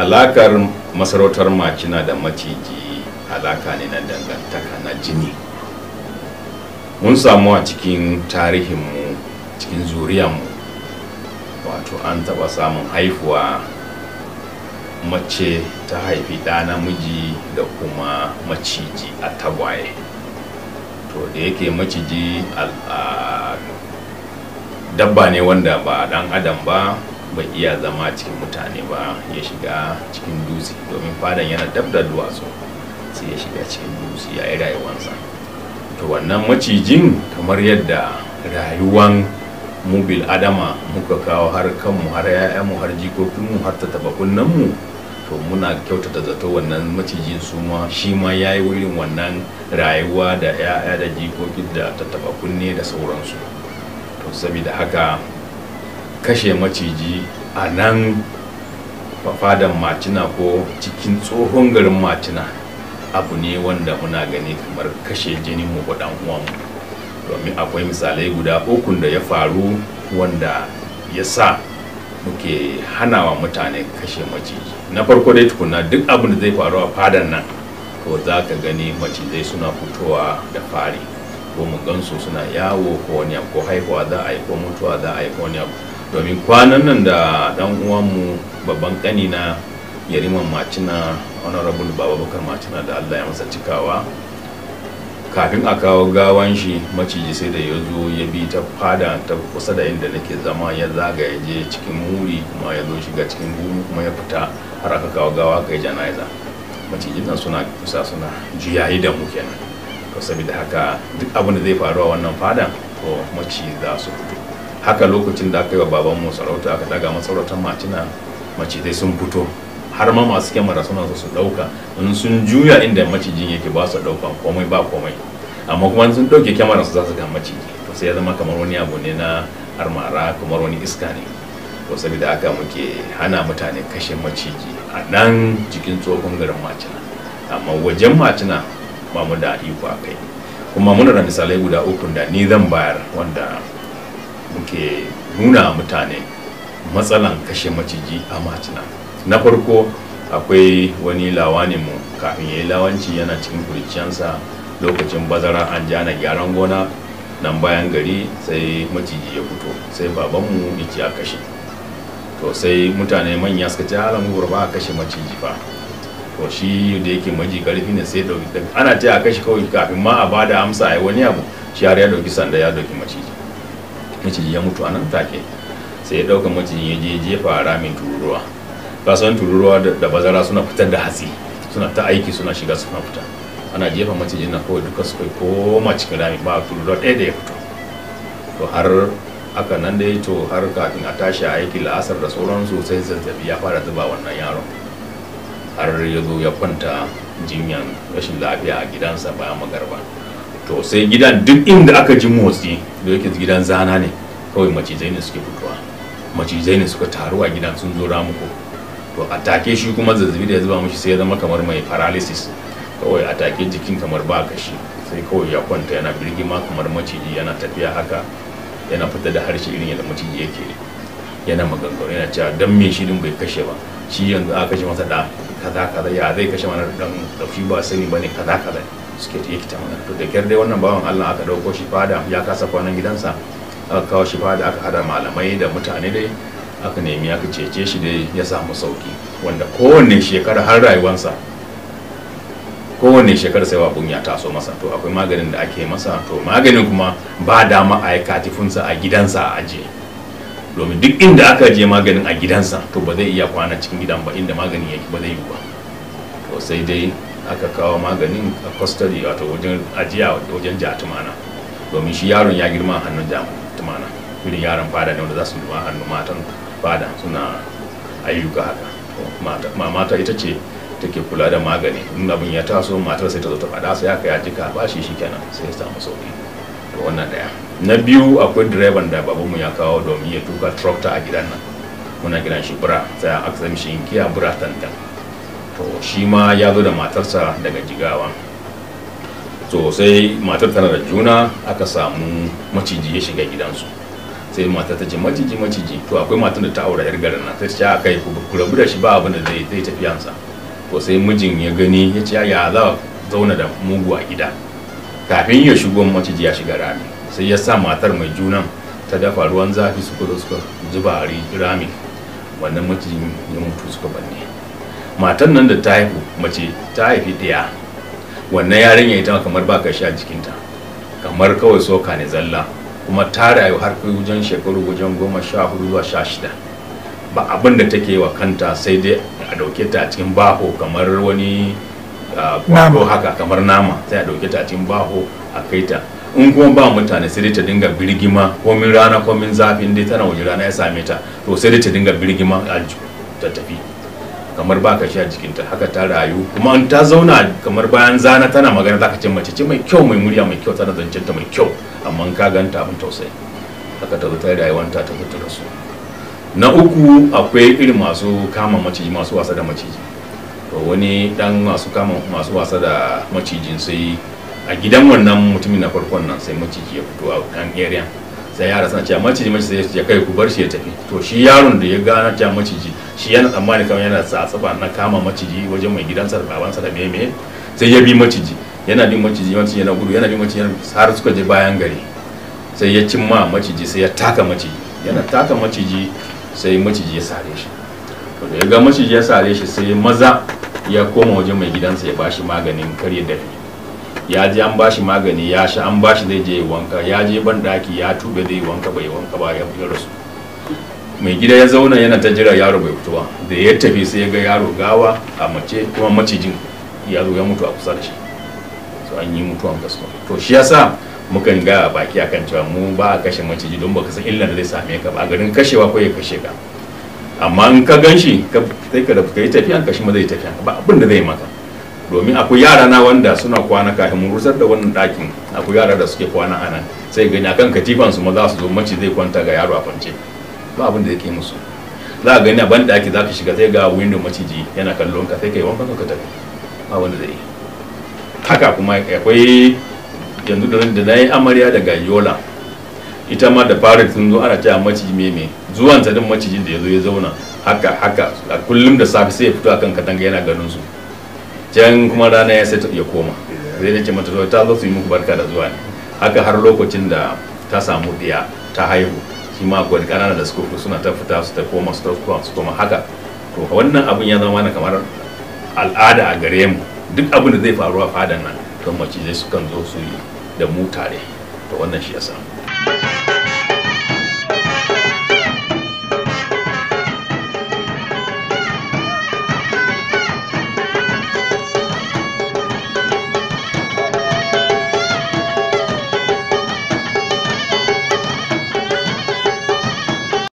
alakar masarautar macina da maciji alaka ne na dangantaka na jini mun samu a cikin tarihinmu cikin zuriyarmu wato an taɓa samun haifuwa mace ta haifi ɗa namiji da kuma maciji a tagwaye to da yake maciji dabba ne wanda ba ɗan adam ba bai iya zama cikin mutane ba ya shiga cikin dutse domin fadan yana dab da duwatsu sai ya shiga cikin dutse ya yi rayuwansa to wannan macijin kamar yadda rayuwan mu bil adama muka kawo har kanmu har mu har jikokinmu har ta taba mu to muna kyautata zato wannan macijin su ma shi ma ya yi wurin wannan rayuwa da 'ya'ya da jikokin da ta taba kunne da sauransu to saboda haka kashe maciji a nan fafadan macina ko cikin tsohon garin macina abu ne wanda muna gani kamar kashe jinin mu ko dan mu. domin akwai misalai guda ukun da ya faru wanda ya sa muke hanawa mutane kashe maciji na farko dai tukuna duk abin da zai faru a fadan nan ko za ka gani macizai suna fitowa da fari ko mu gansu suna yawo ko wani ko haihuwa za a yi ko mutuwa za a yi ko wani abu domin kwanan nan da dan uwanmu babban kanina yariman macina honorable baba bakar macina da allah ya masa cikawa kafin a kawo gawan shi maciji sai da ya zo ya bi ta fada ta kusa da inda nake zama ya zaga ya je cikin muri kuma ya zo shiga cikin gumi kuma ya fita har aka kawo gawa kai janaiza macijin nan suna kusa suna jiyayi da mu kenan to saboda haka duk abin da zai faru a wannan fadan to maci za su fito haka lokacin da aka yi wa babanmu sarauta aka daga masarautar macina macizai sun fito har ma masu kyamara suna su dauka in sun juya inda macijin yake ba su dauka komai ba komai amma kuma sun dauke kyamara su za su ga maciji to sai ya zama kamar wani abu ne na armara kamar wani iska ne to saboda haka muke hana mutane kashe maciji a nan cikin tsohon garin macina amma wajen macina ba mu da iko kai kuma muna da misalai guda uku da ni zan bayar wanda ke nuna mutane matsalan kashe maciji a macina na farko akwai wani lawani mu kafin ya yi lawanci yana cikin kuriciyansa lokacin bazara an ji gyaran gona nan bayan gari sai maciji ya fito sai babanmu yake a kashe to sai mutane manya suka ce halin mu ba a kashe maciji ba to shi da yake maji karfi ne sai dauki ana ce a kashe kawai kafin ma a bada amsa a yi wani abu shi har ya ɗauki sanda ya dauki maciji miciji ya mutu a nan take sai ya ɗauka maciji ya je jefa ramin tururuwa san tururuwa da bazara suna fitar da hatsi suna ta aiki suna shiga suna fita ana jefa macijin na kawai duka kai koma cikin rami ba tururuwa ɗaya da ya fito to har aka nan dai to har kafin a tashi a aiki la'asar da sauransu sai zazzabi ya fara zuba wannan yaron har ya zo ya kwanta jinyan rashin lafiya a gidansa bayan magarba to sai gidan duk inda aka ji motsi da yake gidan zana ne kawai macizai ne suke fitowa macizai ne suka taru a gidan sun zo ramuko to atake shi kuma zazzabi da ya zuba mashi sai ya zama kamar mai paralysis kawai atake jikin kamar ba kashi sai kawai ya kwanta yana birgima kamar maciji yana tafiya haka yana fita da harshe irin yadda maciji yake yana maganganu yana cewa dan me shi din bai kashe ba shi yanzu aka kashe masa da kaza kaza ya zai kashe mana dan dafi ba sani bane kaza kaza suke ta yake magana to da kyar dai wannan bawan Allah aka dauko shi fada ya kasa kwanan gidansa aka kawo shi fada aka hada malamai da mutane dai aka nemi aka cece shi dai ya samu sauki wanda kowanne shekara har rayuwansa kowanne shekara sai babun ya taso masa to akwai maganin da ake masa to maganin kuma ba dama a yi a gidansa a ajiye domin duk inda aka je maganin a gidansa to ba zai iya kwana cikin gidan ba inda magani yake ba zai yi ba to sai dai aka kawo maganin a custody wato wajen ajiya wajen tumana domin shi yaron ya girma hannun tumana irin yaron fada ne wanda za su hannun matan fada suna ayyuka haka mata ita ce take kula da magani in abin ya taso matar sai ta zo ta fada sai aka ya ka ba shi kenan sai ya samu sauki to wannan daya na biyu akwai direban da babanmu ya kawo domin ya tuka tractor a gidan nan muna gidan shi bura sai a aksa mishi inkiya bura tantan to shi ma ya zo da matarsa daga jigawa to sai matar tana da juna aka samu maciji ya shiga gidansu sai matar ta ce maciji maciji to akwai matar da ta aura yar garin nan sai ta aka yi ku rabu da shi ba abin da zai zai tafiyansa to sai mijin ya gani ya ce ya za zauna da mugu a gida kafin ya shigo maciji ya shiga rami sai ya sa matar mai junan ta dafa ruwan zafi su zo suka zuba a rami wannan macijin ya mutu suka banne matan nan da ta haihu mace ta haifi ɗaya wannan yarinya ita kamar ba ka sha jikinta kamar kawai soka ne zalla kuma ta rayu har kai wajen shekaru wajen goma sha hudu zuwa sha shida ba abin da take wa kanta sai dai a ɗauke ta a cikin baho kamar wani ah, kwado haka kamar nama sai a ɗauke ta a cikin baho a kai ta in kuma ba mutane sai dai ta dinga birgima komin rana komin zafin dai tana waje rana ya same ta to sai dai ta dinga birgima a ta tafi kamar ba ka shi a jikinta haka ta rayu kuma ta zauna kamar bayan zana tana magana za ka ce mace ce mai kyau mai murya mai kyau tana zancen ta mai kyau amma ka ganta abin tausayi haka ta zo rayuwanta ta fita rasu na uku akwai irin masu kama maciji masu wasa da maciji to wani dan masu kama masu wasa da macijin sai a gidan wannan mutumin na farkon nan sai maciji ya fito a kan area sai yara suna cewa maciji maciji sai ya kai ku bar shi ya tafi to shi yaron da ya gana cewa maciji shi yana tsammani kamar yana sa na kama maciji wajen mai gidansa da babansa da meme sai ya bi maciji yana bin maciji maciji yana gudu yana bin maciji har suka je bayan gari sai ya cimma maciji sai ya taka maciji yana taka maciji sai maciji ya sare shi to da ya ga maciji ya sare shi sai maza ya koma wajen mai gidansa ya bashi maganin karya dafi ya je an bashi magani ya sha an bashi zai je wanka ya je ban daki ya tube zai wanka bai wanka ba ya fita rasu mai gida ya zauna yana ta jira yaro bai fito ba da ya tafi sai ya ga yaro gawa a mace kuma macijin ya zo ya mutu a kusa da shi so an yi mutuwan gaskiya to shi yasa mukan ga baki akan cewa mu ba a kashe maciji don baka san illar da zai same ka ba a garin kashewa ko ya kashe ka amma in ka gan shi sai ka da kai tafiya kashi ma zai tafiya ba abin da zai maka domin akwai yara na wanda suna kwana kafin mu rusar da wannan ɗakin akwai yara da suke kwana a nan sai gani akan katifan su maza su zo mace zai kwanta ga yaro a kwance ba abin da yake musu za ka gani a ban ɗaki za ka shiga sai ga window maciji yana kallon ka sai kai wankan ka tafi ba wanda zai haka kuma akwai yanzu da na yi amarya da gayola ita ma da fara sun zo ana cewa maciji meme zuwan ta din macijin da ya zo ya zauna haka haka a kullum da safe sai ya fito akan katanga yana ganin su can kuma rana ya sai ta iya koma zai nace mata ta zo su yi muku barka da zuwa ne haka har lokacin da ta samu ɗiya ta haihu shi ma akwai ƙanana da suka suna ta fita su ta koma su ta koma su koma haka to wannan abin ya zama mana kamar al'ada a gare mu duk abin da zai faru a fadan nan kan macizai sukan zo su yi da mu tare to wannan shi ya samu